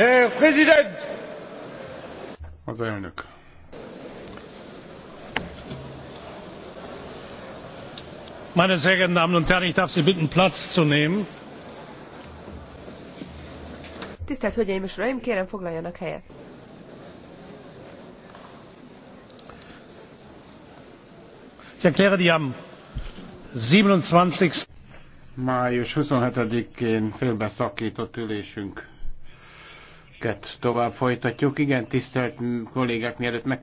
Der Präsident! Az elnök. Meine sehr geehrten Damen und Herren, ich darf Sie bitten, Platz zu nehmen. Tisztelt Hölgyeim és Uraim, kérem foglaljanak helyet. Ich erkläre die am 27. Május 27-én félbeszakított ülésünk ülésünket tovább folytatjuk. Igen, tisztelt kollégák, mielőtt meg